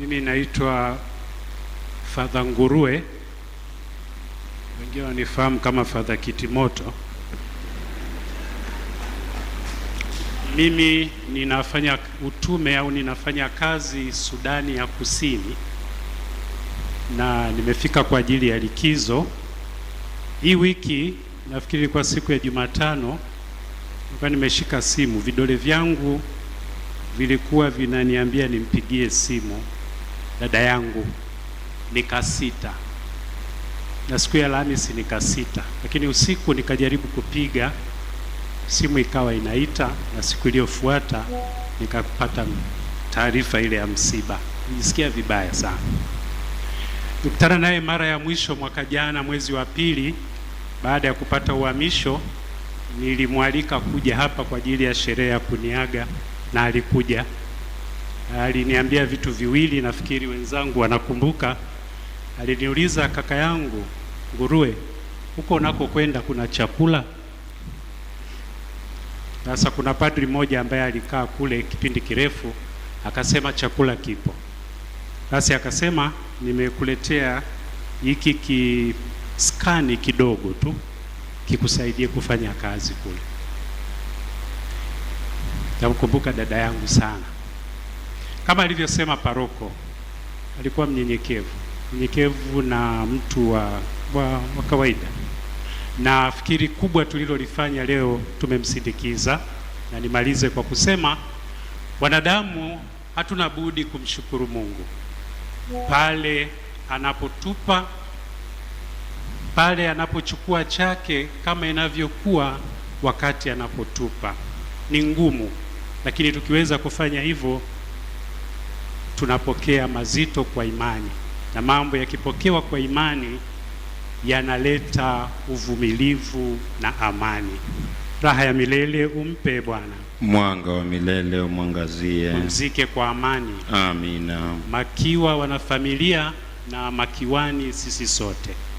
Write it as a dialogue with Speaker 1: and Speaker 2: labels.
Speaker 1: Mimi naitwa Father Ngurue, wengine wanifahamu kama Fadha Kitimoto. Mimi ninafanya utume au ninafanya kazi Sudani ya Kusini na nimefika kwa ajili ya likizo hii wiki. Nafikiri kwa siku ya Jumatano nilikuwa nimeshika simu, vidole vyangu vilikuwa vinaniambia nimpigie simu dada yangu, nikasita na siku ya Alhamisi nikasita, lakini usiku nikajaribu kupiga simu ikawa inaita, na siku iliyofuata nikapata taarifa ile ya msiba. Nijisikia vibaya sana. Nikutana naye mara ya mwisho mwaka jana mwezi wa pili, baada ya kupata uhamisho. Nilimwalika kuja hapa kwa ajili ya sherehe ya kuniaga na alikuja aliniambia vitu viwili, nafikiri wenzangu wanakumbuka. Aliniuliza, kaka yangu Nguruwe, huko nako kwenda kuna chakula? Sasa kuna padri mmoja ambaye alikaa kule kipindi kirefu, akasema chakula kipo. basi akasema nimekuletea hiki kiskani kidogo tu kikusaidie kufanya kazi kule. Namkumbuka dada yangu sana kama alivyosema paroko, alikuwa mnyenyekevu, mnyenyekevu na mtu wa, wa, wa kawaida, na fikiri kubwa tulilolifanya leo tumemsindikiza, na nimalize kwa kusema wanadamu hatuna budi kumshukuru Mungu pale anapotupa pale anapochukua chake kama inavyokuwa wakati anapotupa. Ni ngumu, lakini tukiweza kufanya hivyo tunapokea mazito kwa imani, na mambo yakipokewa kwa imani yanaleta uvumilivu na amani. Raha ya milele umpe Bwana,
Speaker 2: mwanga wa milele umwangazie,
Speaker 1: mzike kwa amani.
Speaker 2: Amina.
Speaker 1: Makiwa wanafamilia na makiwani sisi sote.